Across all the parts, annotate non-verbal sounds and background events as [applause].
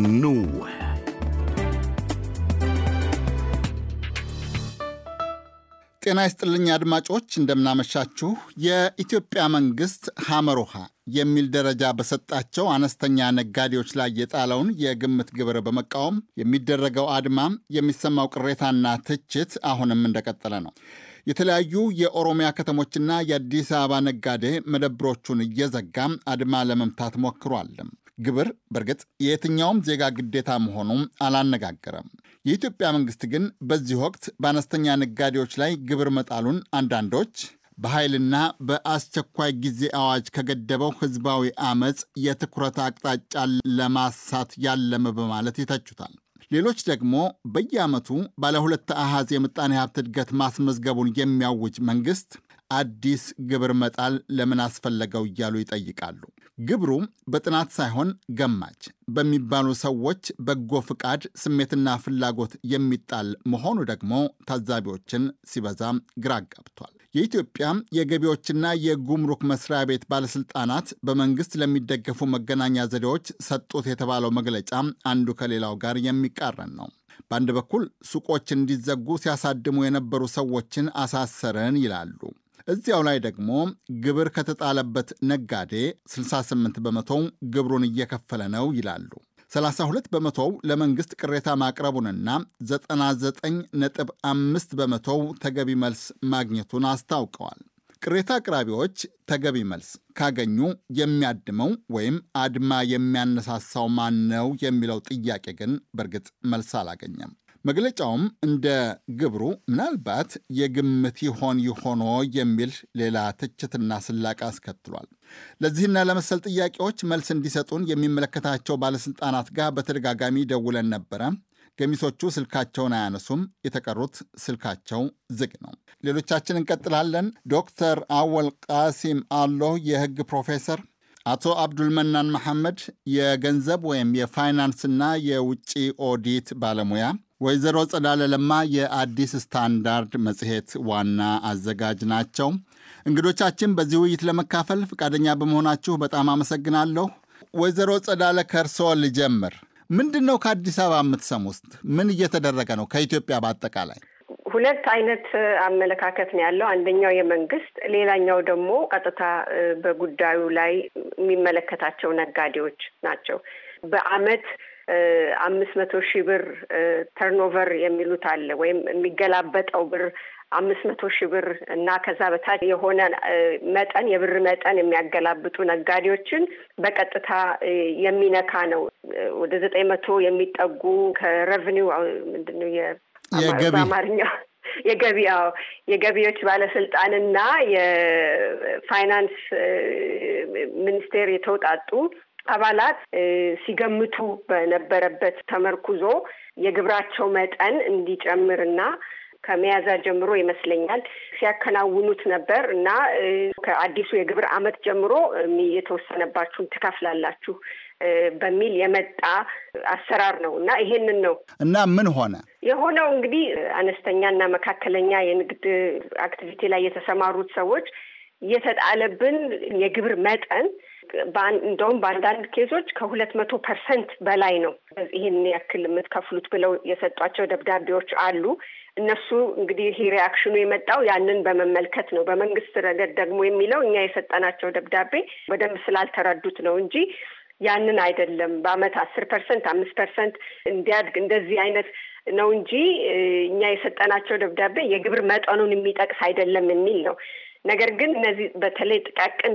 nowhere. ጤና ይስጥልኝ አድማጮች፣ እንደምናመሻችሁ። የኢትዮጵያ መንግሥት ሐመር ውሃ የሚል ደረጃ በሰጣቸው አነስተኛ ነጋዴዎች ላይ የጣለውን የግምት ግብር በመቃወም የሚደረገው አድማም የሚሰማው ቅሬታና ትችት አሁንም እንደቀጠለ ነው። የተለያዩ የኦሮሚያ ከተሞችና የአዲስ አበባ ነጋዴ መደብሮቹን እየዘጋም አድማ ለመምታት ሞክሯልም። ግብር በእርግጥ የየትኛውም ዜጋ ግዴታ መሆኑም አላነጋገረም። የኢትዮጵያ መንግስት ግን በዚህ ወቅት በአነስተኛ ነጋዴዎች ላይ ግብር መጣሉን አንዳንዶች በኃይልና በአስቸኳይ ጊዜ አዋጅ ከገደበው ህዝባዊ አመፅ የትኩረት አቅጣጫ ለማሳት ያለመ በማለት ይተቹታል። ሌሎች ደግሞ በየአመቱ ባለ ሁለት አሃዝ የምጣኔ ሀብት እድገት ማስመዝገቡን የሚያውጅ መንግስት አዲስ ግብር መጣል ለምን አስፈለገው እያሉ ይጠይቃሉ። ግብሩ በጥናት ሳይሆን ገማች በሚባሉ ሰዎች በጎ ፍቃድ ስሜትና ፍላጎት የሚጣል መሆኑ ደግሞ ታዛቢዎችን ሲበዛ ግራ ጋብቷል። የኢትዮጵያ የገቢዎችና የጉምሩክ መስሪያ ቤት ባለስልጣናት በመንግስት ለሚደገፉ መገናኛ ዘዴዎች ሰጡት የተባለው መግለጫ አንዱ ከሌላው ጋር የሚቃረን ነው። በአንድ በኩል ሱቆች እንዲዘጉ ሲያሳድሙ የነበሩ ሰዎችን አሳሰረን ይላሉ። እዚያው ላይ ደግሞ ግብር ከተጣለበት ነጋዴ 68 በመቶው ግብሩን እየከፈለ ነው ይላሉ። 32 በመቶው ለመንግሥት ቅሬታ ማቅረቡንና 99.5 በመቶው ተገቢ መልስ ማግኘቱን አስታውቀዋል። ቅሬታ አቅራቢዎች ተገቢ መልስ ካገኙ የሚያድመው ወይም አድማ የሚያነሳሳው ማን ነው የሚለው ጥያቄ ግን በእርግጥ መልስ አላገኘም። መግለጫውም እንደ ግብሩ ምናልባት የግምት ይሆን ይሆኖ የሚል ሌላ ትችትና ስላቅ አስከትሏል። ለዚህና ለመሰል ጥያቄዎች መልስ እንዲሰጡን የሚመለከታቸው ባለሥልጣናት ጋር በተደጋጋሚ ደውለን ነበረ። ገሚሶቹ ስልካቸውን አያነሱም፣ የተቀሩት ስልካቸው ዝግ ነው። ሌሎቻችን እንቀጥላለን። ዶክተር አወል ቃሲም አሎ የህግ ፕሮፌሰር አቶ አብዱልመናን መሐመድ የገንዘብ ወይም የፋይናንስና የውጭ ኦዲት ባለሙያ ወይዘሮ ጸዳለ ለማ የአዲስ ስታንዳርድ መጽሔት ዋና አዘጋጅ ናቸው። እንግዶቻችን በዚህ ውይይት ለመካፈል ፈቃደኛ በመሆናችሁ በጣም አመሰግናለሁ። ወይዘሮ ጸዳለ ከእርስዎ ልጀምር። ምንድን ነው ከአዲስ አበባ የምትሰሙ ውስጥ ምን እየተደረገ ነው? ከኢትዮጵያ በአጠቃላይ ሁለት አይነት አመለካከት ነው ያለው። አንደኛው የመንግስት፣ ሌላኛው ደግሞ ቀጥታ በጉዳዩ ላይ የሚመለከታቸው ነጋዴዎች ናቸው። በአመት አምስት መቶ ሺህ ብር ተርኖቨር የሚሉት አለ ወይም የሚገላበጠው ብር አምስት መቶ ሺህ ብር እና ከዛ በታች የሆነ መጠን የብር መጠን የሚያገላብጡ ነጋዴዎችን በቀጥታ የሚነካ ነው። ወደ ዘጠኝ መቶ የሚጠጉ ከሬቨኒው ምንድን ነው የገቢ [laughs] የገቢያው የገቢዎች ባለስልጣንና የፋይናንስ ሚኒስቴር የተውጣጡ አባላት ሲገምቱ በነበረበት ተመርኩዞ የግብራቸው መጠን እንዲጨምርና ከመያዛ ጀምሮ ይመስለኛል ሲያከናውኑት ነበር እና ከአዲሱ የግብር ዓመት ጀምሮ የተወሰነባችሁን ትከፍላላችሁ በሚል የመጣ አሰራር ነው እና ይሄንን ነው እና ምን ሆነ የሆነው እንግዲህ አነስተኛ እና መካከለኛ የንግድ አክቲቪቲ ላይ የተሰማሩት ሰዎች የተጣለብን የግብር መጠን እንደውም በአንዳንድ ኬዞች ከሁለት መቶ ፐርሰንት በላይ ነው ይህን ያክል የምትከፍሉት ብለው የሰጧቸው ደብዳቤዎች አሉ። እነሱ እንግዲህ ይሄ ሪያክሽኑ የመጣው ያንን በመመልከት ነው። በመንግስት ረገድ ደግሞ የሚለው እኛ የሰጠናቸው ደብዳቤ በደንብ ስላልተረዱት ነው እንጂ ያንን አይደለም። በአመት አስር ፐርሰንት አምስት ፐርሰንት እንዲያድግ እንደዚህ አይነት ነው እንጂ እኛ የሰጠናቸው ደብዳቤ የግብር መጠኑን የሚጠቅስ አይደለም የሚል ነው። ነገር ግን እነዚህ በተለይ ጥቃቅን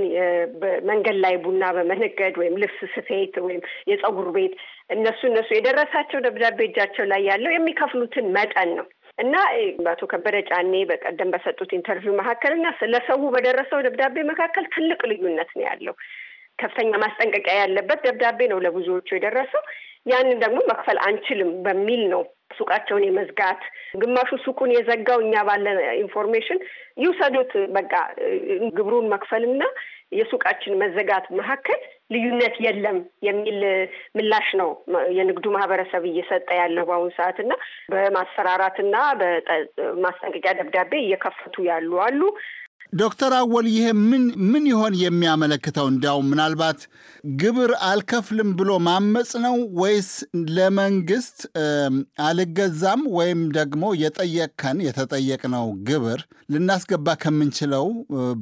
መንገድ ላይ ቡና በመነገድ ወይም ልብስ ስፌት ወይም የጸጉር ቤት እነሱ እነሱ የደረሳቸው ደብዳቤ እጃቸው ላይ ያለው የሚከፍሉትን መጠን ነው እና አቶ ከበደ ጫኔ በቀደም በሰጡት ኢንተርቪው መካከል እና ስለሰው በደረሰው ደብዳቤ መካከል ትልቅ ልዩነት ነው ያለው። ከፍተኛ ማስጠንቀቂያ ያለበት ደብዳቤ ነው ለብዙዎቹ የደረሰው። ያንን ደግሞ መክፈል አንችልም በሚል ነው ሱቃቸውን የመዝጋት ግማሹ ሱቁን የዘጋው እኛ ባለ ኢንፎርሜሽን ይውሰዱት፣ በቃ ግብሩን መክፈልና የሱቃችን መዘጋት መካከል ልዩነት የለም የሚል ምላሽ ነው የንግዱ ማህበረሰብ እየሰጠ ያለው በአሁኑ ሰዓት እና በማስፈራራትና በማስጠንቀቂያ ደብዳቤ እየከፈቱ ያሉ አሉ። ዶክተር አወል ይሄ ምን ምን ይሆን የሚያመለክተው? እንዲያው ምናልባት ግብር አልከፍልም ብሎ ማመፅ ነው ወይስ ለመንግስት አልገዛም ወይም ደግሞ የጠየቅከን የተጠየቅነው ግብር ልናስገባ ከምንችለው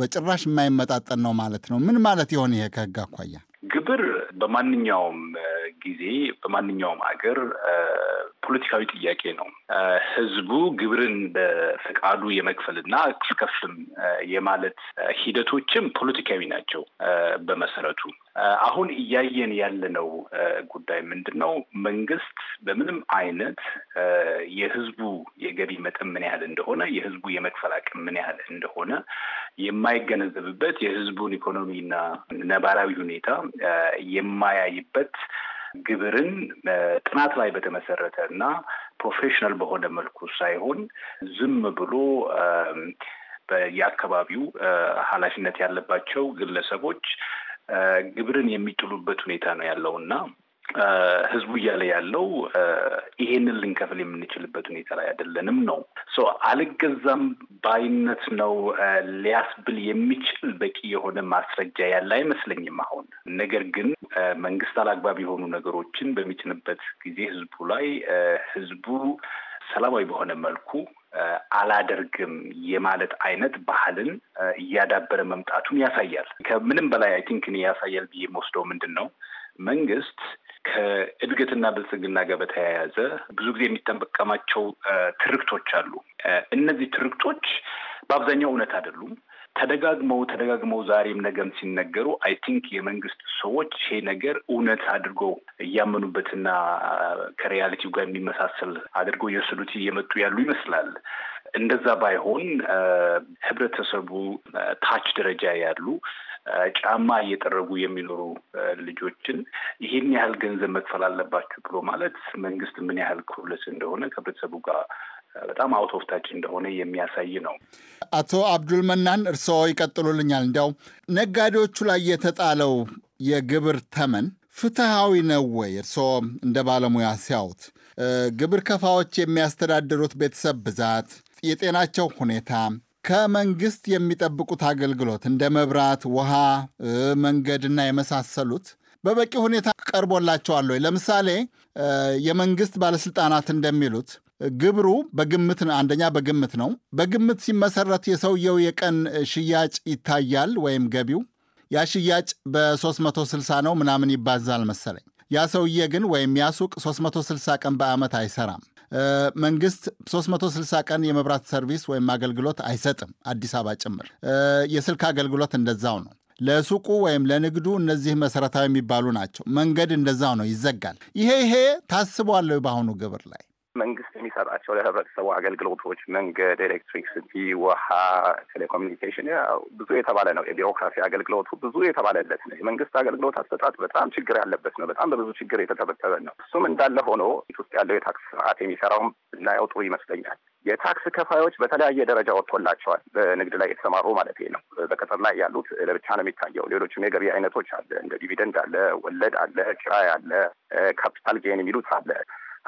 በጭራሽ የማይመጣጠን ነው ማለት ነው? ምን ማለት ይሆን ይሄ ከህግ አኳያ? ግብር በማንኛውም ጊዜ በማንኛውም አገር ፖለቲካዊ ጥያቄ ነው። ህዝቡ ግብርን በፈቃዱ የመክፈልና አስከፍልም የማለት ሂደቶችም ፖለቲካዊ ናቸው በመሰረቱ። አሁን እያየን ያለነው ጉዳይ ምንድን ነው? መንግስት በምንም አይነት የህዝቡ የገቢ መጠን ምን ያህል እንደሆነ፣ የህዝቡ የመክፈል አቅም ምን ያህል እንደሆነ የማይገነዘብበት የህዝቡን ኢኮኖሚና ነባራዊ ሁኔታ የማያይበት ግብርን ጥናት ላይ በተመሰረተ እና ፕሮፌሽናል በሆነ መልኩ ሳይሆን ዝም ብሎ የአካባቢው ኃላፊነት ያለባቸው ግለሰቦች ግብርን የሚጥሉበት ሁኔታ ነው ያለው እና ህዝቡ እያለ ያለው ይሄንን ልንከፍል የምንችልበት ሁኔታ ላይ አይደለንም ነው። አልገዛም ባይነት ነው ሊያስብል የሚችል በቂ የሆነ ማስረጃ ያለ አይመስለኝም አሁን። ነገር ግን መንግስት አላግባብ የሆኑ ነገሮችን በሚጭንበት ጊዜ ህዝቡ ላይ ህዝቡ ሰላማዊ በሆነ መልኩ አላደርግም የማለት አይነት ባህልን እያዳበረ መምጣቱን ያሳያል። ከምንም በላይ አይ ቲንክ እኔ ያሳያል ብዬ የምወስደው ምንድን ነው መንግስት ከእድገትና ብልጽግና ጋር በተያያዘ ብዙ ጊዜ የሚጠቀማቸው ትርክቶች አሉ። እነዚህ ትርክቶች በአብዛኛው እውነት አይደሉም። ተደጋግመው ተደጋግመው ዛሬም ነገም ሲነገሩ አይ ቲንክ የመንግስት ሰዎች ይሄ ነገር እውነት አድርገው እያመኑበትና ከሪያሊቲው ጋር የሚመሳሰል አድርገው የወሰዱት እየመጡ ያሉ ይመስላል። እንደዛ ባይሆን ህብረተሰቡ ታች ደረጃ ያሉ ጫማ እየጠረጉ የሚኖሩ ልጆችን ይህን ያህል ገንዘብ መክፈል አለባችሁ ብሎ ማለት መንግስት ምን ያህል ክፍልስ እንደሆነ ከህብረተሰቡ ጋር በጣም አውት ኦፍ ታች እንደሆነ የሚያሳይ ነው። አቶ አብዱል መናን እርስዎ ይቀጥሉልኛል። እንዲያው ነጋዴዎቹ ላይ የተጣለው የግብር ተመን ፍትሐዊ ነው ወይ? እርስዎ እንደ ባለሙያ ሲያዩት ግብር ከፋዎች የሚያስተዳድሩት ቤተሰብ ብዛት፣ የጤናቸው ሁኔታ ከመንግስት የሚጠብቁት አገልግሎት እንደ መብራት፣ ውሃ፣ መንገድና የመሳሰሉት በበቂ ሁኔታ ቀርቦላቸዋል ወይ? ለምሳሌ የመንግስት ባለስልጣናት እንደሚሉት ግብሩ በግምት አንደኛ በግምት ነው። በግምት ሲመሰረት የሰውየው የቀን ሽያጭ ይታያል ወይም ገቢው ያ ሽያጭ በ360 ነው ምናምን ይባዛል መሰለኝ። ያ ሰውዬ ግን ወይም ያ ሱቅ 360 ቀን በዓመት አይሰራም። መንግስት 360 ቀን የመብራት ሰርቪስ ወይም አገልግሎት አይሰጥም፣ አዲስ አበባ ጭምር። የስልክ አገልግሎት እንደዛው ነው። ለሱቁ ወይም ለንግዱ እነዚህ መሰረታዊ የሚባሉ ናቸው። መንገድ እንደዛው ነው፣ ይዘጋል። ይሄ ይሄ ታስቧል በአሁኑ ግብር ላይ መንግስት የሚሰጣቸው ለህብረተሰቡ አገልግሎቶች መንገድ፣ ኤሌክትሪክሲቲ፣ ውሃ፣ ቴሌኮሚኒኬሽን ብዙ የተባለ ነው። የቢሮክራሲ አገልግሎቱ ብዙ የተባለለት ነው። የመንግስት አገልግሎት አሰጣጥ በጣም ችግር ያለበት ነው። በጣም በብዙ ችግር የተተበተበ ነው። እሱም እንዳለ ሆኖ ውስጥ ያለው የታክስ ስርዓት የሚሰራውም ብናየው ጥሩ ይመስለኛል። የታክስ ከፋዮች በተለያየ ደረጃ ወጥቶላቸዋል። በንግድ ላይ የተሰማሩ ማለት ነው። በቅጥር ላይ ያሉት ለብቻ ነው የሚታየው። ሌሎችም የገቢ አይነቶች አለ። እንደ ዲቪደንድ አለ፣ ወለድ አለ፣ ኪራይ አለ፣ ካፒታል ጌን የሚሉት አለ።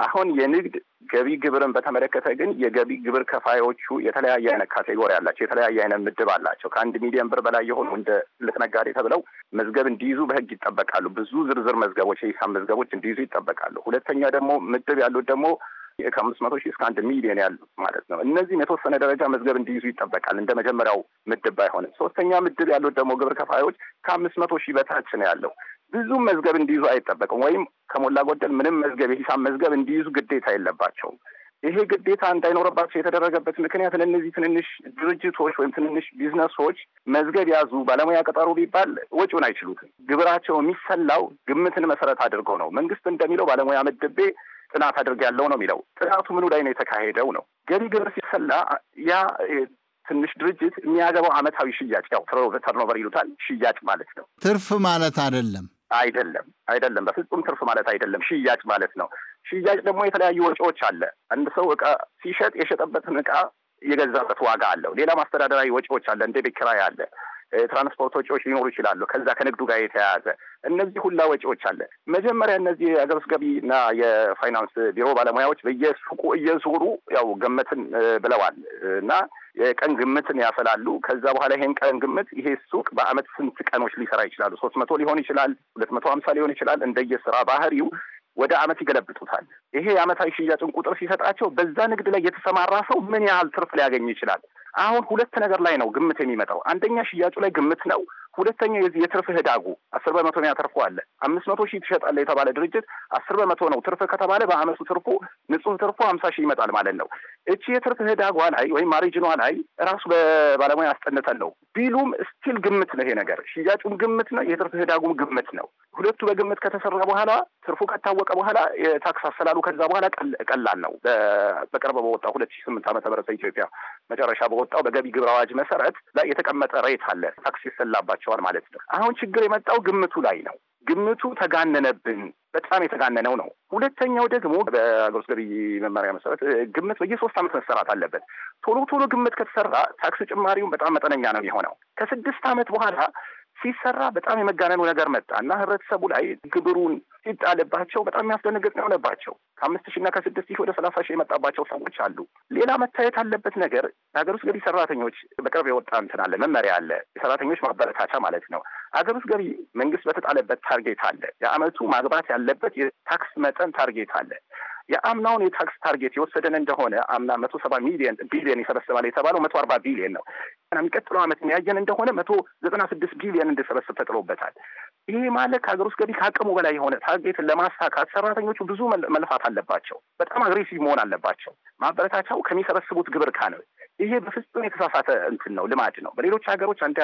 አሁን የንግድ ገቢ ግብርን በተመለከተ ግን የገቢ ግብር ከፋዮቹ የተለያየ አይነት ካቴጎሪ አላቸው፣ የተለያየ አይነት ምድብ አላቸው። ከአንድ ሚሊዮን ብር በላይ የሆኑ እንደ ትልቅ ነጋዴ ተብለው መዝገብ እንዲይዙ በህግ ይጠበቃሉ። ብዙ ዝርዝር መዝገቦች፣ የሂሳብ መዝገቦች እንዲይዙ ይጠበቃሉ። ሁለተኛ ደግሞ ምድብ ያሉት ደግሞ ከአምስት መቶ ሺህ እስከ አንድ ሚሊዮን ያሉት ማለት ነው። እነዚህም የተወሰነ ደረጃ መዝገብ እንዲይዙ ይጠበቃል፣ እንደ መጀመሪያው ምድብ ባይሆንም። ሶስተኛ ምድብ ያሉት ደግሞ ግብር ከፋዮች ከአምስት መቶ ሺህ በታች ነው ያለው። ብዙ መዝገብ እንዲይዙ አይጠበቅም፣ ወይም ከሞላ ጎደል ምንም መዝገብ የሂሳብ መዝገብ እንዲይዙ ግዴታ የለባቸውም። ይሄ ግዴታ እንዳይኖርባቸው የተደረገበት ምክንያት ለእነዚህ ትንንሽ ድርጅቶች ወይም ትንንሽ ቢዝነሶች መዝገብ ያዙ ባለሙያ ቀጠሩ ቢባል ወጪውን አይችሉትም። ግብራቸው የሚሰላው ግምትን መሰረት አድርገው ነው። መንግስት እንደሚለው ባለሙያ መድቤ ጥናት ያለው ነው የሚለው። ጥናቱ ምኑ ላይ ነው የተካሄደው ነው። ገቢ ግብር ሲሰላ ያ ትንሽ ድርጅት የሚያገባው አመታዊ ሽያጭ ያው ተርኖቨር ይሉታል፣ ሽያጭ ማለት ነው። ትርፍ ማለት አይደለም። አይደለም አይደለም፣ በፍጹም ትርፍ ማለት አይደለም። ሽያጭ ማለት ነው። ሽያጭ ደግሞ የተለያዩ ወጪዎች አለ። አንድ ሰው እቃ ሲሸጥ የሸጠበትን እቃ የገዛበት ዋጋ አለው። ሌላ ማስተዳደራዊ ወጪዎች አለ። እንደ ቤት ኪራይ አለ። ትራንስፖርት ወጪዎች ሊኖሩ ይችላሉ። ከዛ ከንግዱ ጋር የተያያዘ እነዚህ ሁላ ወጪዎች አለ። መጀመሪያ እነዚህ የአገር ውስጥ ገቢ እና የፋይናንስ ቢሮ ባለሙያዎች በየሱቁ እየዞሩ ያው ግምትን ብለዋል እና የቀን ግምትን ያፈላሉ። ከዛ በኋላ ይሄን ቀን ግምት ይሄ ሱቅ በአመት ስንት ቀኖች ሊሰራ ይችላሉ? ሶስት መቶ ሊሆን ይችላል፣ ሁለት መቶ ሀምሳ ሊሆን ይችላል። እንደየስራ ባህሪው ወደ አመት ይገለብጡታል። ይሄ የአመታዊ ሽያጭን ቁጥር ሲሰጣቸው በዛ ንግድ ላይ የተሰማራ ሰው ምን ያህል ትርፍ ሊያገኝ ይችላል አሁን ሁለት ነገር ላይ ነው ግምት የሚመጣው። አንደኛ ሽያጩ ላይ ግምት ነው። ሁለተኛው የዚህ የትርፍ ህዳጉ አስር በመቶ ነው ያተርፎ አለ አምስት መቶ ሺህ ትሸጣለ የተባለ ድርጅት አስር በመቶ ነው ትርፍ ከተባለ በአመቱ ትርፉ ንጹህ ትርፉ ሀምሳ ሺህ ይመጣል ማለት ነው። እቺ የትርፍ ህዳጓ ላይ ወይም ማሪጅኗ ላይ ራሱ በባለሙያ ያስጠንተን ነው ቢሉም ስቲል ግምት ነው ይሄ ነገር ሽያጩም ግምት ነው፣ የትርፍ ህዳጉም ግምት ነው። ሁለቱ በግምት ከተሰራ በኋላ ትርፉ ከታወቀ በኋላ የታክስ አሰላሉ ከዛ በኋላ ቀላል ነው። በቅርብ በወጣው ሁለት ሺህ ስምንት ዓመተ ምህረት በኢትዮጵያ መጨረሻ በወጣው በገቢ ግብር አዋጅ መሰረት ላይ የተቀመጠ ሬት አለ ታክስ ይሰላባቸው ይኖራቸዋል ማለት ነው። አሁን ችግር የመጣው ግምቱ ላይ ነው። ግምቱ ተጋነነብን። በጣም የተጋነነው ነው። ሁለተኛው ደግሞ በአገር ውስጥ ገቢ መመሪያ መሰረት ግምት በየሶስት ዓመት መሰራት አለበት። ቶሎ ቶሎ ግምት ከተሰራ ታክስ ጭማሪውን በጣም መጠነኛ ነው የሆነው። ከስድስት ዓመት በኋላ ሲሰራ በጣም የመጋነኑ ነገር መጣ እና ህብረተሰቡ ላይ ግብሩን ሲጣልባቸው በጣም የሚያስደነግጥ ነው ሆነባቸው። ከአምስት ሺህ እና ከስድስት ሺህ ወደ ሰላሳ ሺህ የመጣባቸው ሰዎች አሉ። ሌላ መታየት አለበት ነገር የሀገር ውስጥ ገቢ ሰራተኞች በቅርብ የወጣ እንትን አለ መመሪያ አለ፣ የሰራተኞች ማበረታቻ ማለት ነው። ሀገር ውስጥ ገቢ መንግስት በተጣለበት ታርጌት አለ። የአመቱ ማግባት ያለበት የታክስ መጠን ታርጌት አለ። የአምናውን የታክስ ታርጌት የወሰደን እንደሆነ አምና መቶ ሰባ ሚሊየን ቢሊየን ይሰበስባል የተባለው መቶ አርባ ቢሊየን ነው። የሚቀጥለው ዓመት የሚያየን እንደሆነ መቶ ዘጠና ስድስት ቢሊየን እንድሰበስብ ተጥሎበታል። ይሄ ማለት ከሀገር ውስጥ ገቢ ከአቅሙ በላይ የሆነ ታርጌትን ለማሳካት ሰራተኞቹ ብዙ መልፋት አለባቸው። በጣም አግሬሲቭ መሆን አለባቸው። ማበረታቻው ከሚሰበስቡት ግብር ካ ነው። ይሄ በፍጹም የተሳሳተ እንትን ነው፣ ልማድ ነው። በሌሎች ሀገሮች አንድ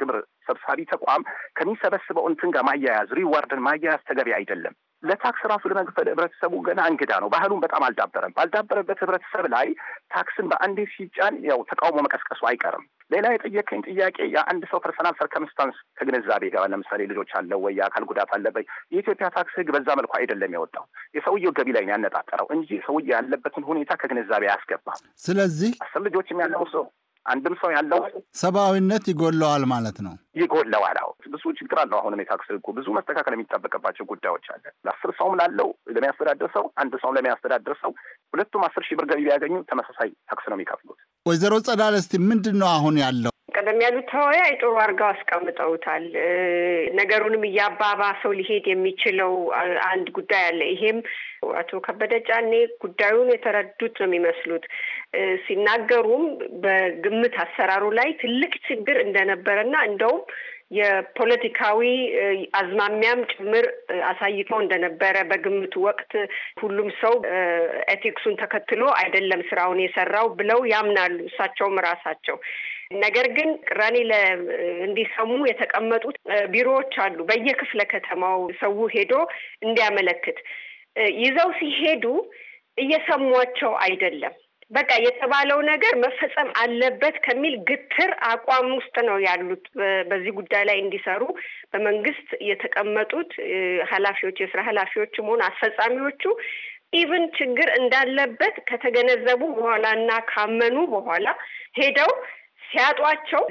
ግብር ሰብሳቢ ተቋም ከሚሰበስበው እንትን ጋር ማያያዝ ሪዋርድን ማያያዝ ተገቢ አይደለም። ለታክስ ራሱ ለመክፈል ህብረተሰቡ ገና እንግዳ ነው። ባህሉን በጣም አልዳበረም። ባልዳበረበት ህብረተሰብ ላይ ታክስን በአንዴ ሲጫን ያው ተቃውሞ መቀስቀሱ አይቀርም። ሌላ የጠየቀኝ ጥያቄ የአንድ ሰው ፐርሰናል ሰርከምስታንስ ከግንዛቤ ጋር ለምሳሌ ልጆች አለ ወይ፣ የአካል ጉዳት አለበት። የኢትዮጵያ ታክስ ህግ በዛ መልኩ አይደለም የወጣው የሰውየው ገቢ ላይ ያነጣጠረው እንጂ ሰውየ ያለበትን ሁኔታ ከግንዛቤ አያስገባም። ስለዚህ አስር ልጆችም ያለው ሰው አንድም ሰው ያለው ሰብአዊነት ይጎለዋል ማለት ነው። ይጎድለዋል። አሁን ብዙ ችግር አለው። አሁንም የታክስ ህጉ ብዙ መስተካከል የሚጠበቅባቸው ጉዳዮች አለ። ለአስር ሰውም ላለው ለሚያስተዳድር ሰው አንድ ሰውም ለሚያስተዳድር ሰው ሁለቱም አስር ሺህ ብር ገቢ ቢያገኙ ተመሳሳይ ታክስ ነው የሚከፍሉት። ወይዘሮ ጸዳለ እስቲ ምንድን ነው አሁን ያለው? ቀደም ያሉት ተወያይ ጥሩ አድርገው አስቀምጠውታል። ነገሩንም እያባባሰው ሊሄድ የሚችለው አንድ ጉዳይ አለ። ይሄም አቶ ከበደ ጫኔ ጉዳዩን የተረዱት ነው የሚመስሉት። ሲናገሩም በግምት አሰራሩ ላይ ትልቅ ችግር እንደነበረና እንደውም የፖለቲካዊ አዝማሚያም ጭምር አሳይቶ እንደነበረ በግምት ወቅት ሁሉም ሰው ኤቲክሱን ተከትሎ አይደለም ስራውን የሰራው ብለው ያምናሉ እሳቸውም ራሳቸው። ነገር ግን ቅራኔ እንዲሰሙ የተቀመጡት ቢሮዎች አሉ በየክፍለ ከተማው ሰው ሄዶ እንዲያመለክት ይዘው ሲሄዱ እየሰሟቸው አይደለም። በቃ የተባለው ነገር መፈጸም አለበት ከሚል ግትር አቋም ውስጥ ነው ያሉት። በዚህ ጉዳይ ላይ እንዲሰሩ በመንግስት የተቀመጡት ኃላፊዎች የስራ ኃላፊዎች መሆን አስፈጻሚዎቹ ኢቭን ችግር እንዳለበት ከተገነዘቡ በኋላ እና ካመኑ በኋላ ሄደው ሲያጧቸው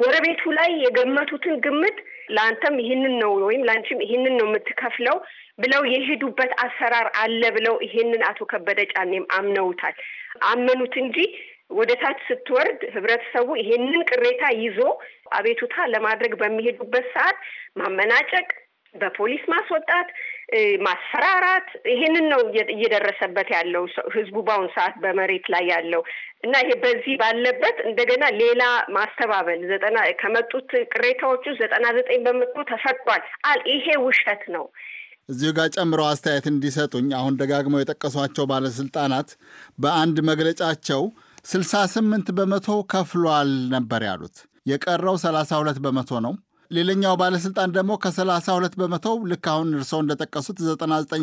ጎረቤቱ ላይ የገመቱትን ግምት ለአንተም ይህንን ነው ወይም ለአንቺም ይህንን ነው የምትከፍለው ብለው የሄዱበት አሰራር አለ ብለው ይህንን አቶ ከበደ ጫኔም አምነውታል። አመኑት እንጂ ወደ ታች ስትወርድ ህብረተሰቡ ይሄንን ቅሬታ ይዞ አቤቱታ ለማድረግ በሚሄዱበት ሰዓት ማመናጨቅ፣ በፖሊስ ማስወጣት ማስፈራራት፣ ይሄንን ነው እየደረሰበት ያለው ህዝቡ በአሁን ሰዓት በመሬት ላይ ያለው እና ይሄ በዚህ ባለበት እንደገና ሌላ ማስተባበል ዘጠና ከመጡት ቅሬታዎቹ ዘጠና ዘጠኝ በመቶ ተሰጥቷል አል ይሄ ውሸት ነው። እዚሁ ጋር ጨምረው አስተያየት እንዲሰጡኝ አሁን ደጋግመው የጠቀሷቸው ባለስልጣናት በአንድ መግለጫቸው ስልሳ ስምንት በመቶ ከፍሏል ነበር ያሉት። የቀረው ሰላሳ ሁለት በመቶ ነው። ሌላኛው ባለስልጣን ደግሞ ከ32 በመቶ ልክ አሁን እርስዎ እንደጠቀሱት 99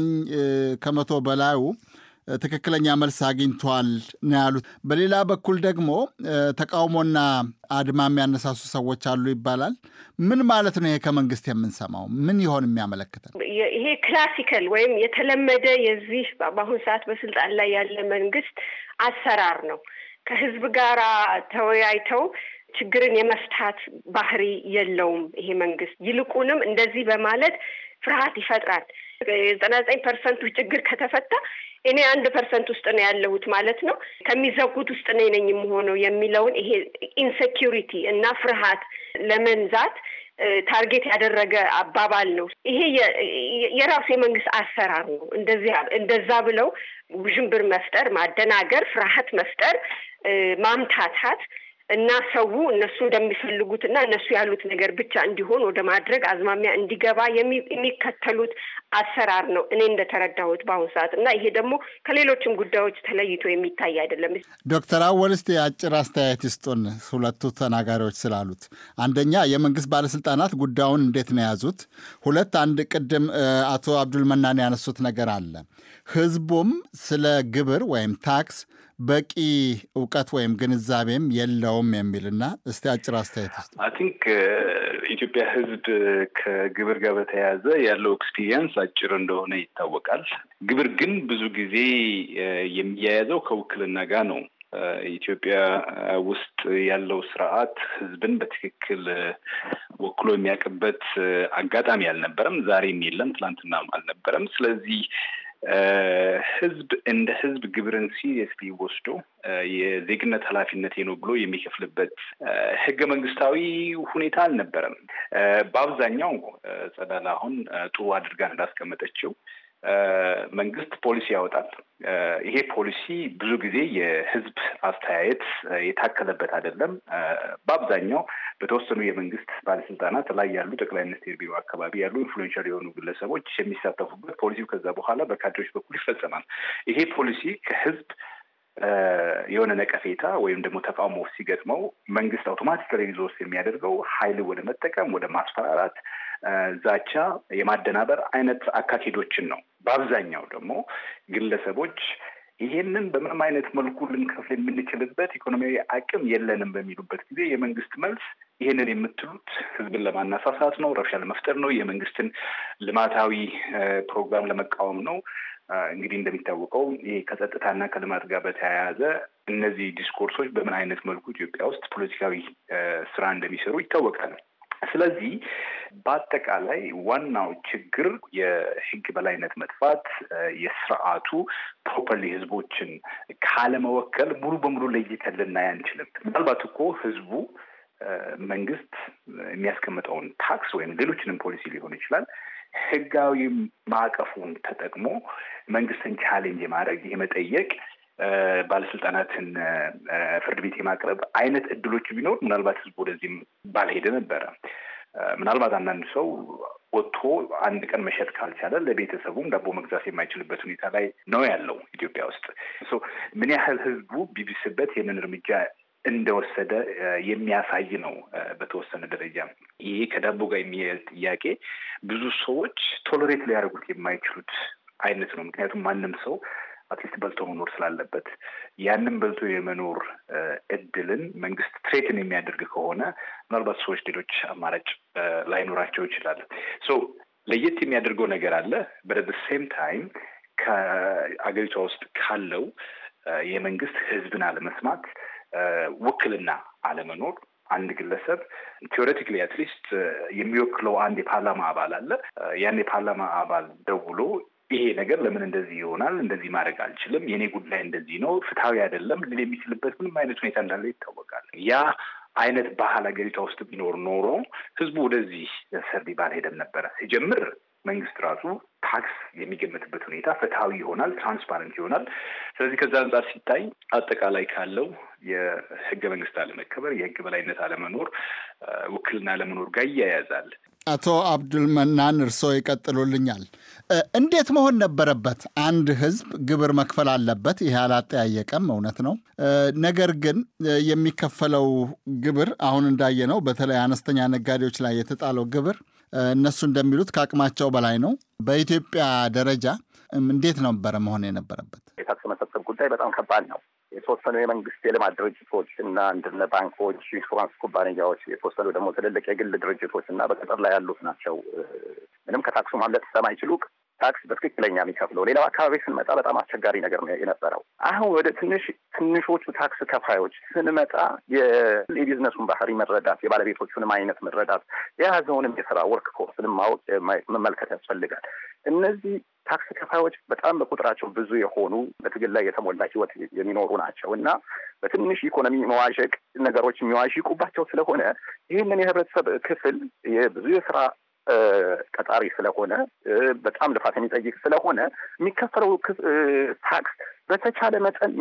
ከመቶ በላዩ ትክክለኛ መልስ አግኝቷል ነው ያሉት። በሌላ በኩል ደግሞ ተቃውሞና አድማ የሚያነሳሱ ሰዎች አሉ ይባላል። ምን ማለት ነው? ይሄ ከመንግስት የምንሰማው ምን ይሆን የሚያመለክተን? ይሄ ክላሲካል ወይም የተለመደ የዚህ በአሁኑ ሰዓት በስልጣን ላይ ያለ መንግስት አሰራር ነው። ከህዝብ ጋር ተወያይተው ችግርን የመፍታት ባህሪ የለውም ይሄ መንግስት። ይልቁንም እንደዚህ በማለት ፍርሃት ይፈጥራል። የዘጠና ዘጠኝ ፐርሰንቱ ችግር ከተፈታ እኔ አንድ ፐርሰንት ውስጥ ነው ያለሁት ማለት ነው፣ ከሚዘጉት ውስጥ ነው ነኝ የምሆነው የሚለውን ይሄ ኢንሴኪሪቲ እና ፍርሃት ለመንዛት ታርጌት ያደረገ አባባል ነው። ይሄ የራሱ የመንግስት አሰራር ነው። እንደዚህ እንደዛ ብለው ውዥንብር መፍጠር፣ ማደናገር፣ ፍርሃት መፍጠር፣ ማምታታት እና ሰው እነሱ እንደሚፈልጉት እና እነሱ ያሉት ነገር ብቻ እንዲሆን ወደ ማድረግ አዝማሚያ እንዲገባ የሚከተሉት አሰራር ነው እኔ እንደተረዳሁት በአሁኑ ሰዓት እና ይሄ ደግሞ ከሌሎችም ጉዳዮች ተለይቶ የሚታይ አይደለም። ዶክተር አወልስቲ አጭር አስተያየት ይስጡን ሁለቱ ተናጋሪዎች ስላሉት። አንደኛ የመንግስት ባለስልጣናት ጉዳዩን እንዴት ነው የያዙት? ሁለት አንድ ቅድም አቶ አብዱል መናን ያነሱት ነገር አለ። ህዝቡም ስለ ግብር ወይም ታክስ በቂ እውቀት ወይም ግንዛቤም የለውም የሚልና እስቲ አጭር አስተያየት ውስጥ አይ ቲንክ ኢትዮጵያ ሕዝብ ከግብር ጋር በተያያዘ ያለው ኤክስፒሪየንስ አጭር እንደሆነ ይታወቃል። ግብር ግን ብዙ ጊዜ uh, የሚያያዘው ከውክልና ጋር ነው። uh, ኢትዮጵያ ውስጥ ያለው ስርዓት ህዝብን በትክክል uh, ወክሎ የሚያውቅበት አጋጣሚ አልነበረም። ዛሬም የለም፣ ትናንትናም አልነበረም። ስለዚህ ህዝብ እንደ ህዝብ ግብርን ሲሪየስሊ ወስዶ የዜግነት ኃላፊነት ነው ብሎ የሚከፍልበት ህገ መንግስታዊ ሁኔታ አልነበረም። በአብዛኛው ጸዳል አሁን ጥሩ አድርጋ እንዳስቀመጠችው መንግስት ፖሊሲ ያወጣል። ይሄ ፖሊሲ ብዙ ጊዜ የህዝብ አስተያየት የታከለበት አይደለም። በአብዛኛው በተወሰኑ የመንግስት ባለስልጣናት ላይ ያሉ ጠቅላይ ሚኒስቴር ቢሮ አካባቢ ያሉ ኢንፍሉዌንሻል የሆኑ ግለሰቦች የሚሳተፉበት ፖሊሲው ከዛ በኋላ በካድሬዎች በኩል ይፈጸማል። ይሄ ፖሊሲ ከህዝብ የሆነ ነቀፌታ ወይም ደግሞ ተቃውሞ ሲገጥመው መንግስት አውቶማቲካሊ ሪዞርስ የሚያደርገው ኃይል ወደ መጠቀም፣ ወደ ማስፈራራት፣ ዛቻ፣ የማደናበር አይነት አካሄዶችን ነው። በአብዛኛው ደግሞ ግለሰቦች ይሄንን በምንም አይነት መልኩ ልንከፍል የምንችልበት ኢኮኖሚያዊ አቅም የለንም በሚሉበት ጊዜ የመንግስት መልስ ይህንን የምትሉት ህዝብን ለማነሳሳት ነው፣ ረብሻ ለመፍጠር ነው፣ የመንግስትን ልማታዊ ፕሮግራም ለመቃወም ነው። እንግዲህ እንደሚታወቀው ይህ ከጸጥታና ከልማት ጋር በተያያዘ እነዚህ ዲስኮርሶች በምን አይነት መልኩ ኢትዮጵያ ውስጥ ፖለቲካዊ ስራ እንደሚሰሩ ይታወቃል። ስለዚህ በአጠቃላይ ዋናው ችግር የህግ በላይነት መጥፋት፣ የስርዓቱ ፕሮፐርሊ ህዝቦችን ካለመወከል ሙሉ በሙሉ ለይተን ልናይ አንችልም። ምናልባት እኮ ህዝቡ መንግስት የሚያስቀምጠውን ታክስ ወይም ሌሎችንም ፖሊሲ ሊሆን ይችላል ህጋዊ ማዕቀፉን ተጠቅሞ መንግስትን ቻሌንጅ የማድረግ የመጠየቅ ባለስልጣናትን ፍርድ ቤት የማቅረብ አይነት እድሎች ቢኖር ምናልባት ህዝቡ ወደዚህም ባልሄደ ነበረ። ምናልባት አንዳንድ ሰው ወጥቶ አንድ ቀን መሸጥ ካልቻለ ለቤተሰቡም ዳቦ መግዛት የማይችልበት ሁኔታ ላይ ነው ያለው ኢትዮጵያ ውስጥ ምን ያህል ህዝቡ ቢብስበት ይህንን እርምጃ እንደወሰደ የሚያሳይ ነው። በተወሰነ ደረጃ ይሄ ከዳቦ ጋር የሚያያዝ ጥያቄ ብዙ ሰዎች ቶሎሬት ሊያደርጉት የማይችሉት አይነት ነው። ምክንያቱም ማንም ሰው አትሊስት በልቶ መኖር ስላለበት ያንን በልቶ የመኖር እድልን መንግስት ትሬትን የሚያደርግ ከሆነ ምናልባት ሰዎች ሌሎች አማራጭ ላይኖራቸው ይችላል። ሶ ለየት የሚያደርገው ነገር አለ። በደ ሴም ታይም ከአገሪቷ ውስጥ ካለው የመንግስት ህዝብን አለመስማት ውክልና አለመኖር አንድ ግለሰብ ቴዎሬቲክሊ አትሊስት የሚወክለው አንድ የፓርላማ አባል አለ። ያን የፓርላማ አባል ደውሎ ይሄ ነገር ለምን እንደዚህ ይሆናል? እንደዚህ ማድረግ አልችልም፣ የእኔ ጉዳይ እንደዚህ ነው፣ ፍትሐዊ አይደለም ልል የሚችልበት ምንም አይነት ሁኔታ እንዳለ ይታወቃል። ያ አይነት ባህል ሀገሪቷ ውስጥ ቢኖር ኖሮ ህዝቡ ወደዚህ ሰርዲ ባልሄደም ነበረ። ሲጀምር መንግስት ራሱ ታክስ የሚገመትበት ሁኔታ ፍትሐዊ ይሆናል፣ ትራንስፓረንት ይሆናል። ስለዚህ ከዛ አንጻር ሲታይ አጠቃላይ ካለው የህገ መንግስት አለመከበር፣ የህግ በላይነት አለመኖር፣ ውክልና አለመኖር ጋር ይያያዛል። አቶ አብዱል መናን እርስዎ ይቀጥሉልኛል። እንዴት መሆን ነበረበት? አንድ ህዝብ ግብር መክፈል አለበት። ይሄ አላጠያየቀም፣ እውነት ነው። ነገር ግን የሚከፈለው ግብር አሁን እንዳየነው በተለይ አነስተኛ ነጋዴዎች ላይ የተጣለው ግብር እነሱ እንደሚሉት ከአቅማቸው በላይ ነው። በኢትዮጵያ ደረጃ እንዴት ነበረ መሆን የነበረበት? የታክስ መሰብሰብ ጉዳይ በጣም ከባድ ነው። የተወሰኑ የመንግስት የልማት ድርጅቶች እና እንድነ ባንኮች፣ ኢንሹራንስ ኩባንያዎች፣ የተወሰኑ ደግሞ ትልልቅ የግል ድርጅቶች እና በገጠር ላይ ያሉት ናቸው። ምንም ከታክሱ ማምለጥ ስለማይችሉ ታክስ በትክክለኛ የሚከፍለው። ሌላው አካባቢ ስንመጣ በጣም አስቸጋሪ ነገር ነው የነበረው። አሁን ወደ ትንሽ ትንሾቹ ታክስ ከፋዮች ስንመጣ የቢዝነሱን ባህሪ መረዳት፣ የባለቤቶቹንም አይነት መረዳት፣ የያዘውንም የስራ ወርክ ፎርስንም ማወቅ መመልከት ያስፈልጋል። እነዚህ ታክስ ከፋዮች በጣም በቁጥራቸው ብዙ የሆኑ በትግል ላይ የተሞላ ህይወት የሚኖሩ ናቸው እና በትንሽ ኢኮኖሚ መዋዠቅ ነገሮች የሚዋዥቁባቸው ስለሆነ ይህንን የህብረተሰብ ክፍል ብዙ የስራ ቀጣሪ ስለሆነ በጣም ልፋት የሚጠይቅ ስለሆነ የሚከፈለው ታክስ በተቻለ መጠን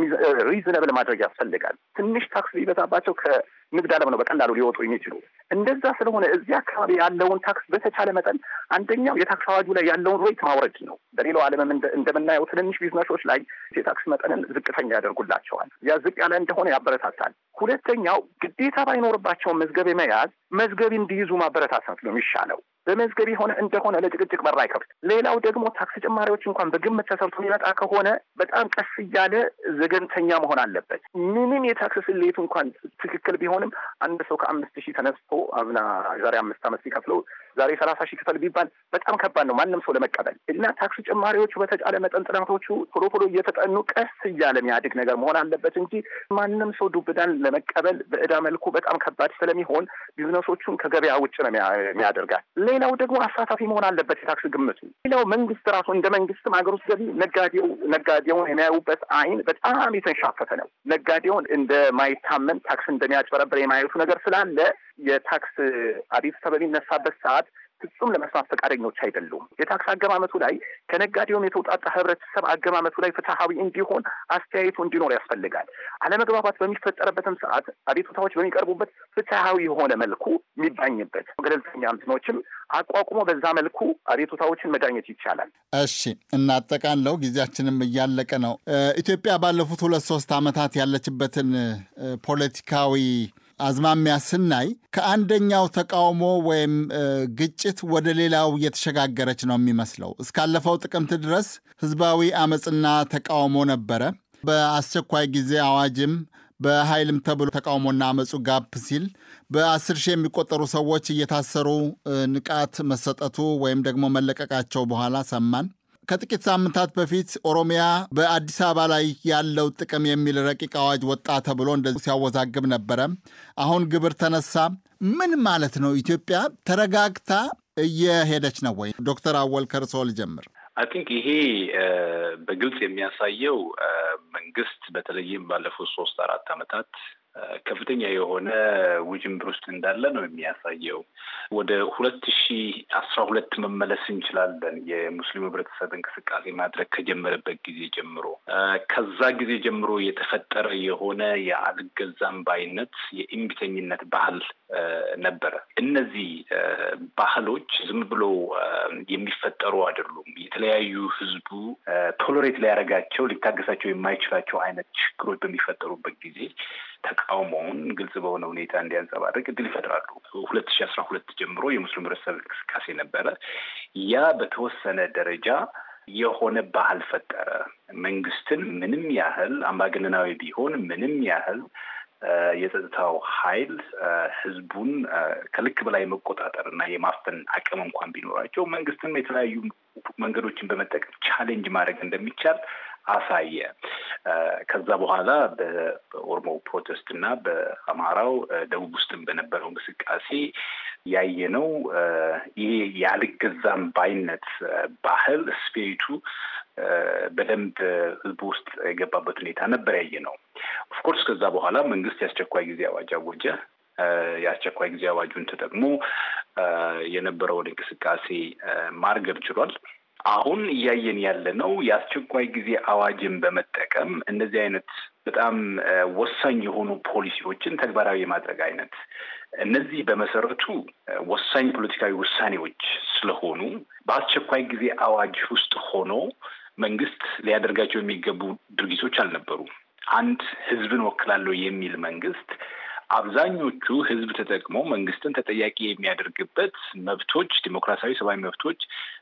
ሪዝነብል ማድረግ ያስፈልጋል። ትንሽ ታክስ ሊበዛባቸው ከንግድ ዓለም ነው በቀላሉ ሊወጡ የሚችሉ። እንደዛ ስለሆነ እዚህ አካባቢ ያለውን ታክስ በተቻለ መጠን አንደኛው የታክስ አዋጁ ላይ ያለውን ሬት ማውረድ ነው። በሌላው ዓለምም እንደምናየው ትንንሽ ቢዝነሶች ላይ የታክስ መጠንን ዝቅተኛ ያደርጉላቸዋል። ያ ዝቅ ያለ እንደሆነ ያበረታታል። ሁለተኛው ግዴታ ባይኖርባቸውን መዝገብ የመያዝ መዝገብ እንዲይዙ ማበረታታት ነው የሚሻለው። በመዝገብ የሆነ እንደሆነ ለጭቅጭቅ በር አይከፍት። ሌላው ደግሞ ታክስ ጭማሪዎች እንኳን በግምት ተሰርቶ የሚመጣ ከሆነ በጣም ቀስ እያለ ዘገምተኛ መሆን አለበት። ምንም የታክስ ስሌቱ እንኳን ትክክል ቢሆንም አንድ ሰው ከአምስት ሺህ ተነስቶ አምና ዛሬ አምስት ዓመት ሲከፍለው ዛሬ ሰላሳ ሺህ ክፈል ቢባል በጣም ከባድ ነው ማንም ሰው ለመቀበል እና ታክሱ ጭማሪዎቹ በተጫለ መጠን ጥናቶቹ ቶሎ ቶሎ እየተጠኑ ቀስ እያለ የሚያድግ ነገር መሆን አለበት እንጂ ማንም ሰው ዱብዳን ለመቀበል በእዳ መልኩ በጣም ከባድ ስለሚሆን ቢዝነሶቹን ከገበያ ውጭ ነው የሚያደርጋል። ሌላው ደግሞ አሳታፊ መሆን አለበት የታክሱ ግምቱ። ሌላው መንግስት ራሱ እንደ መንግስትም ሀገር ውስጥ ገቢ ነጋዴው ነጋዴውን የሚያዩበት አይን በጣም የተንሻፈተ ነው። ነጋዴውን እንደማይታመን ታክስ እንደሚያጭበረበር የማየቱ ነገር ስላለ የታክስ አቤቱታ በሚነሳበት ሰዓት ፍጹም ለመስማት ፈቃደኞች አይደሉም። የታክስ አገማመቱ ላይ ከነጋዴውም የተውጣጣ ህብረተሰብ አገማመቱ ላይ ፍትሐዊ እንዲሆን አስተያየቱ እንዲኖር ያስፈልጋል። አለመግባባት በሚፈጠረበትም ሰዓት አቤቱታዎች በሚቀርቡበት ፍትሐዊ የሆነ መልኩ የሚዳኝበት ገለልተኛ እንትኖችም አቋቁሞ በዛ መልኩ አቤቱታዎችን መዳኘት ይቻላል። እሺ፣ እናጠቃለው። ጊዜያችንም እያለቀ ነው። ኢትዮጵያ ባለፉት ሁለት ሶስት ዓመታት ያለችበትን ፖለቲካዊ አዝማሚያ ስናይ ከአንደኛው ተቃውሞ ወይም ግጭት ወደ ሌላው እየተሸጋገረች ነው የሚመስለው። እስካለፈው ጥቅምት ድረስ ህዝባዊ አመፅና ተቃውሞ ነበረ። በአስቸኳይ ጊዜ አዋጅም በኃይልም ተብሎ ተቃውሞና አመፁ ጋብ ሲል በአስር ሺህ የሚቆጠሩ ሰዎች እየታሰሩ ንቃት መሰጠቱ ወይም ደግሞ መለቀቃቸው በኋላ ሰማን። ከጥቂት ሳምንታት በፊት ኦሮሚያ በአዲስ አበባ ላይ ያለው ጥቅም የሚል ረቂቅ አዋጅ ወጣ ተብሎ እንደዚህ ሲያወዛግብ ነበረ። አሁን ግብር ተነሳ። ምን ማለት ነው? ኢትዮጵያ ተረጋግታ እየሄደች ነው ወይ? ዶክተር አወል ከርሶ ልጀምር። አይ ቲንክ ይሄ በግልጽ የሚያሳየው መንግስት በተለይም ባለፉት ሶስት አራት ዓመታት ከፍተኛ የሆነ ውዥንብር ውስጥ እንዳለ ነው የሚያሳየው። ወደ ሁለት ሺ አስራ ሁለት መመለስ እንችላለን የሙስሊም ህብረተሰብ እንቅስቃሴ ማድረግ ከጀመረበት ጊዜ ጀምሮ ከዛ ጊዜ ጀምሮ የተፈጠረ የሆነ የአልገዛም ባይነት የእምቢተኝነት ባህል ነበረ። እነዚህ ባህሎች ዝም ብሎ የሚፈጠሩ አይደሉም። የተለያዩ ህዝቡ ቶሎሬት ሊያደርጋቸው ሊታገሳቸው የማይችላቸው አይነት ችግሮች በሚፈጠሩበት ጊዜ ተቃውሞውን ግልጽ በሆነ ሁኔታ እንዲያንጸባርቅ እድል ይፈጥራሉ። ሁለት ሺ አስራ ሁለት ጀምሮ የሙስሊም ህብረተሰብ እንቅስቃሴ ነበረ። ያ በተወሰነ ደረጃ የሆነ ባህል ፈጠረ። መንግስትን ምንም ያህል አምባገነናዊ ቢሆን ምንም ያህል የጸጥታው ኃይል ህዝቡን ከልክ በላይ መቆጣጠር እና የማፈን አቅም እንኳን ቢኖራቸው መንግስትም የተለያዩ መንገዶችን በመጠቀም ቻሌንጅ ማድረግ እንደሚቻል አሳየ። ከዛ በኋላ በኦሮሞ ፕሮቴስት እና በአማራው ደቡብ ውስጥም በነበረው እንቅስቃሴ ያየነው ይሄ ያልገዛም ባይነት ባህል ስፒሪቱ በደንብ ህዝቡ ውስጥ የገባበት ሁኔታ ነበር ያየ ነው። ኦፍኮርስ ከዛ በኋላ መንግስት የአስቸኳይ ጊዜ አዋጅ አወጀ። የአስቸኳይ ጊዜ አዋጁን ተጠቅሞ የነበረውን እንቅስቃሴ ማርገብ ችሏል። አሁን እያየን ያለ ነው። የአስቸኳይ ጊዜ አዋጅን በመጠቀም እነዚህ አይነት በጣም ወሳኝ የሆኑ ፖሊሲዎችን ተግባራዊ የማድረግ አይነት እነዚህ በመሰረቱ ወሳኝ ፖለቲካዊ ውሳኔዎች ስለሆኑ በአስቸኳይ ጊዜ አዋጅ ውስጥ ሆኖ መንግስት ሊያደርጋቸው የሚገቡ ድርጊቶች አልነበሩም። አንድ ህዝብን ወክላለሁ የሚል መንግስት አብዛኞቹ ህዝብ ተጠቅሞ መንግስትን ተጠያቂ የሚያደርግበት መብቶች፣ ዲሞክራሲያዊ ሰብአዊ መብቶች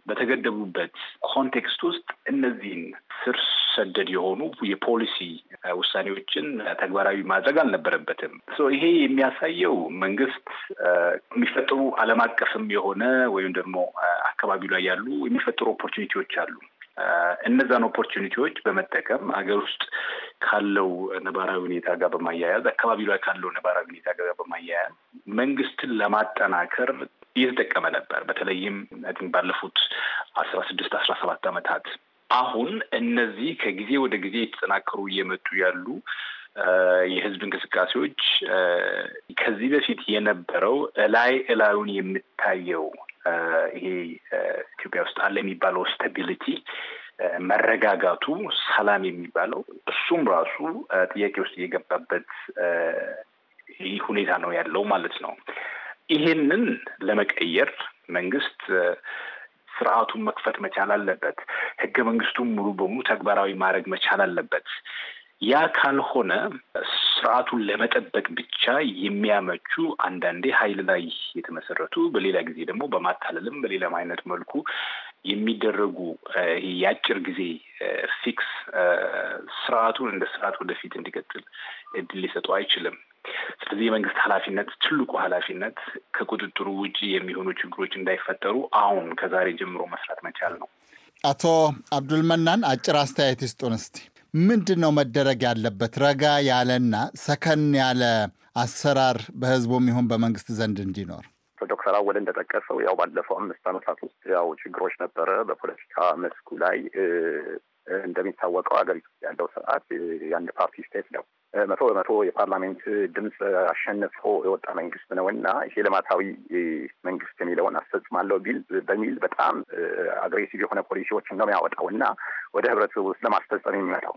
በተገደቡበት ኮንቴክስት ውስጥ እነዚህን ስር ሰደድ የሆኑ የፖሊሲ ውሳኔዎችን ተግባራዊ ማድረግ አልነበረበትም። ይሄ የሚያሳየው መንግስት የሚፈጥሩ ዓለም አቀፍም የሆነ ወይም ደግሞ አካባቢ ላይ ያሉ የሚፈጥሩ ኦፖርቹኒቲዎች አሉ። እነዛን ኦፖርቹኒቲዎች በመጠቀም ሀገር ውስጥ ካለው ነባራዊ ሁኔታ ጋር በማያያዝ አካባቢ ላይ ካለው ነባራዊ ሁኔታ ጋር በማያያዝ መንግስትን ለማጠናከር እየተጠቀመ ነበር። በተለይም ባለፉት አስራ ስድስት አስራ ሰባት ዓመታት አሁን እነዚህ ከጊዜ ወደ ጊዜ የተጠናከሩ እየመጡ ያሉ የህዝብ እንቅስቃሴዎች ከዚህ በፊት የነበረው እላይ እላዩን የሚታየው ይሄ ኢትዮጵያ ውስጥ አለ የሚባለው ስታቢሊቲ መረጋጋቱ፣ ሰላም የሚባለው እሱም ራሱ ጥያቄ ውስጥ የገባበት ሁኔታ ነው ያለው ማለት ነው። ይሄንን ለመቀየር መንግስት ስርዓቱን መክፈት መቻል አለበት። ህገ መንግስቱን ሙሉ በሙሉ ተግባራዊ ማድረግ መቻል አለበት። ያ ካልሆነ ስርዓቱን ለመጠበቅ ብቻ የሚያመቹ አንዳንዴ ኃይል ላይ የተመሰረቱ በሌላ ጊዜ ደግሞ በማታለልም በሌላም አይነት መልኩ የሚደረጉ የአጭር ጊዜ ፊክስ ስርዓቱን እንደ ስርዓት ወደፊት እንዲቀጥል እድል ሊሰጡ አይችልም። ስለዚህ የመንግስት ኃላፊነት ትልቁ ኃላፊነት ከቁጥጥሩ ውጪ የሚሆኑ ችግሮች እንዳይፈጠሩ አሁን ከዛሬ ጀምሮ መስራት መቻል ነው። አቶ አብዱል መናን አጭር አስተያየት ይስጡን እስቲ። ምንድን ነው መደረግ ያለበት? ረጋ ያለና ሰከን ያለ አሰራር በህዝቡም ይሁን በመንግስት ዘንድ እንዲኖር ዶክተር አወል እንደጠቀሰው ያው ባለፈው አምስት ዓመታት ውስጥ ያው ችግሮች ነበረ በፖለቲካ መስኩ ላይ እንደሚታወቀው ሀገሪቱ ያለው ስርዓት የአንድ ፓርቲ ስቴት ነው። መቶ በመቶ የፓርላሜንት ድምፅ አሸንፎ የወጣ መንግስት ነው እና ይሄ ልማታዊ መንግስት የሚለውን አስፈጽማለሁ ቢል በሚል በጣም አግሬሲቭ የሆነ ፖሊሲዎችን ነው የሚያወጣው እና ወደ ህብረተሰቡ ውስጥ ለማስፈጸም የሚመጣው።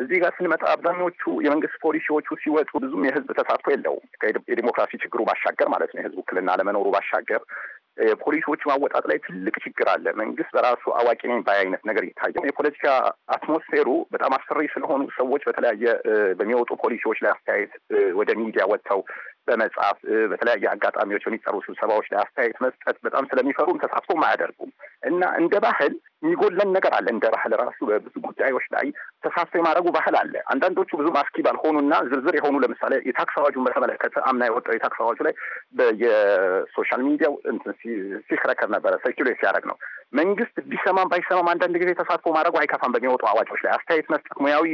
እዚህ ጋር ስንመጣ አብዛኞቹ የመንግስት ፖሊሲዎቹ ሲወጡ ብዙም የህዝብ ተሳትፎ የለውም። የዲሞክራሲ ችግሩ ባሻገር ማለት ነው የህዝብ ውክልና ለመኖሩ ባሻገር የፖሊሲዎቹ ማወጣት ላይ ትልቅ ችግር አለ። መንግስት በራሱ አዋቂ ነኝ ባይ አይነት ነገር ይታየው። የፖለቲካ አትሞስፌሩ በጣም አስፈሪ ስለሆኑ ሰዎች በተለያየ በሚወጡ ፖሊሲዎች ላይ አስተያየት ወደ ሚዲያ ወጥተው በመጻፍ በተለያየ አጋጣሚዎች የሚጠሩ ስብሰባዎች ላይ አስተያየት መስጠት በጣም ስለሚፈሩም ተሳትፎም አያደርጉም እና እንደ ባህል የሚጎለን ነገር አለ። እንደ ባህል ራሱ በብዙ ጉዳዮች ላይ ተሳትፎ የማድረጉ ባህል አለ። አንዳንዶቹ ብዙም አስኪ ባልሆኑና ዝርዝር የሆኑ ለምሳሌ የታክስ አዋጁን በተመለከተ አምና የወጣው የታክስ አዋጁ ላይ የሶሻል ሚዲያው ሲክረከር ነበረ፣ ሰርኪሌት ሲያደርግ ነው። መንግስት ቢሰማም ባይሰማም አንዳንድ ጊዜ ተሳትፎ ማድረጉ አይከፋም። በሚወጡ አዋጆች ላይ አስተያየት መስጠት፣ ሙያዊ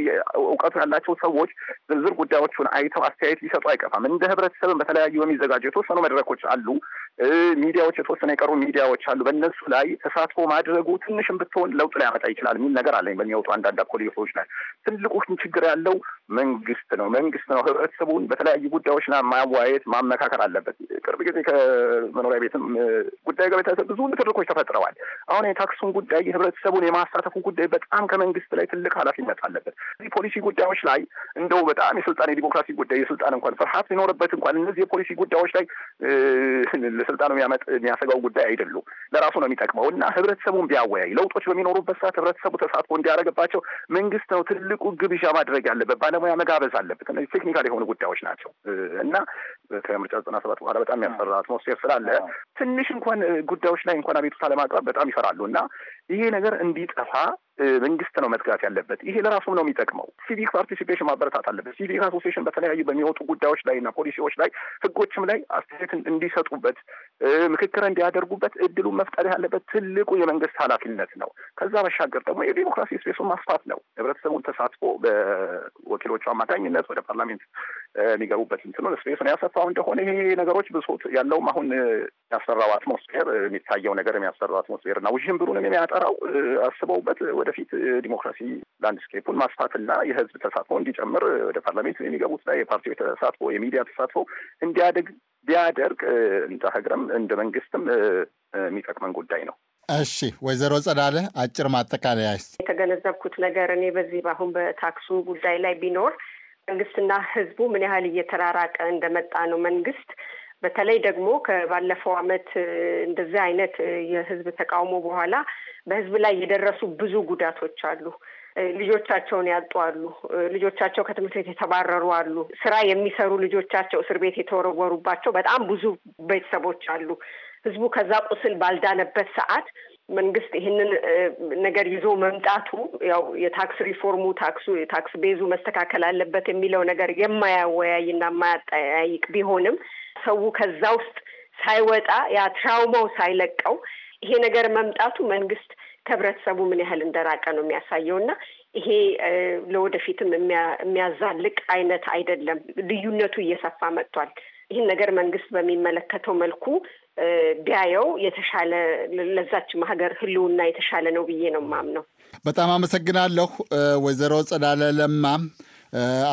እውቀቱ ያላቸው ሰዎች ዝርዝር ጉዳዮቹን አይተው አስተያየት ሊሰጡ አይከፋም። እንደ ህብረተሰብን በተለያዩ በሚዘጋጁ የተወሰኑ መድረኮች አሉ፣ ሚዲያዎች የተወሰነ የቀሩ ሚዲያዎች አሉ። በእነሱ ላይ ተሳትፎ ማድረጉ ትንሽ ብትሆን ለውጥ ሊያመጣ ይችላል የሚል ነገር አለኝ በሚወጡ አንዳንድ አኮሊቶች ላይ። ትልቁ ችግር ያለው መንግስት ነው መንግስት ነው ህብረተሰቡን በተለያዩ ጉዳዮች ና ማዋየት ማመካከል አለበት። ቅርብ ጊዜ ከመኖሪያ ቤትም ጉዳይ ጋር ቤተሰብ ብዙ ንትርኮች ተፈጥረዋል። አሁን የታክሱን ጉዳይ ህብረተሰቡን የማሳተፉ ጉዳይ በጣም ከመንግስት ላይ ትልቅ ሀላፊነት አለበት። እዚህ ፖሊሲ ጉዳዮች ላይ እንደው በጣም የስልጣን የዲሞክራሲ ጉዳይ የስልጣን እንኳን ፍርሀት ሊኖርበት እንኳን እነዚህ የፖሊሲ ጉዳዮች ላይ ለስልጣኑ የሚያመጥ የሚያሰጋው ጉዳይ አይደሉም። ለራሱ ነው የሚጠቅመው እና ህብረተሰቡን ቢያወያይ ለውጦች በሚኖሩበት ሰዓት ህብረተሰቡ ተሳትፎ እንዲያደረግባቸው መንግስት ነው ትልቁ ግብዣ ማድረግ ያለበት ባለሙያ መጋበዝ አለበት። እነዚህ ቴክኒካል የሆኑ ጉዳዮች ናቸው እና ከምርጫ ዘጠና ሰባት በኋላ በጣም ያስፈራ አትሞስፌር ስላለ ትንሽ እንኳን ጉዳዮች ላይ እንኳን አቤቱታ ለማቅረብ በጣም ይፈራሉ እና ይሄ ነገር እንዲጠፋ መንግስት ነው መዝጋት ያለበት። ይሄ ለራሱም ነው የሚጠቅመው። ሲቪክ ፓርቲሲፔሽን ማበረታት አለበት። ሲቪክ አሶሲሽን በተለያዩ በሚወጡ ጉዳዮች ላይ እና ፖሊሲዎች ላይ ህጎችም ላይ አስተያየት እንዲሰጡበት፣ ምክክር እንዲያደርጉበት እድሉን መፍጠር ያለበት ትልቁ የመንግስት ኃላፊነት ነው። ከዛ በሻገር ደግሞ የዴሞክራሲ ስፔሱን ማስፋት ነው። ህብረተሰቡን ተሳትፎ በወኪሎቹ አማካኝነት ወደ ፓርላሜንት የሚገቡበት እንትኑን ስፔሱን ያሰፋው እንደሆነ ይሄ ነገሮች ብሶት ያለውም አሁን ያሰራው አትሞስፌር የሚታየው ነገር የሚያሰራው አትሞስፌር እና ውዥንብሩንም የሚያጠራው አስበውበት ወደፊት ዲሞክራሲ ላንድስኬፑን ማስፋትና የህዝብ ተሳትፎ እንዲጨምር ወደ ፓርላሜንት የሚገቡት ላይ የፓርቲ ተሳትፎ፣ የሚዲያ ተሳትፎ እንዲያደግ ቢያደርግ እንደ ሀገርም እንደ መንግስትም የሚጠቅመን ጉዳይ ነው። እሺ ወይዘሮ ጸዳለ አጭር ማጠቃለያ። የተገነዘብኩት ነገር እኔ በዚህ በአሁን በታክሱ ጉዳይ ላይ ቢኖር መንግስትና ህዝቡ ምን ያህል እየተራራቀ እንደመጣ ነው። መንግስት በተለይ ደግሞ ከባለፈው አመት እንደዚህ አይነት የህዝብ ተቃውሞ በኋላ በህዝብ ላይ የደረሱ ብዙ ጉዳቶች አሉ። ልጆቻቸውን ያጡ አሉ። ልጆቻቸው ከትምህርት ቤት የተባረሩ አሉ። ስራ የሚሰሩ ልጆቻቸው እስር ቤት የተወረወሩባቸው በጣም ብዙ ቤተሰቦች አሉ። ህዝቡ ከዛ ቁስል ባልዳነበት ሰዓት መንግስት ይህንን ነገር ይዞ መምጣቱ ያው የታክስ ሪፎርሙ ታክሱ የታክስ ቤዙ መስተካከል አለበት የሚለው ነገር የማያወያይና የማያጠያይቅ ቢሆንም ሰው ከዛ ውስጥ ሳይወጣ ያ ትራውማው ሳይለቀው ይሄ ነገር መምጣቱ መንግስት ከህብረተሰቡ ምን ያህል እንደራቀ ነው የሚያሳየው እና ይሄ ለወደፊትም የሚያዛልቅ አይነት አይደለም። ልዩነቱ እየሰፋ መጥቷል። ይህን ነገር መንግስት በሚመለከተው መልኩ ቢያየው የተሻለ ለዛች ሀገር ህልውና የተሻለ ነው ብዬ ነው የማምነው። በጣም አመሰግናለሁ ወይዘሮ ጸዳለ ለማ።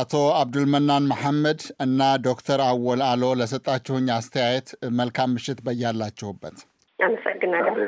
አቶ አብዱልመናን መሐመድ እና ዶክተር አወል አሎ ለሰጣችሁኝ አስተያየት መልካም ምሽት በያላችሁበት። አመሰግናለሁ።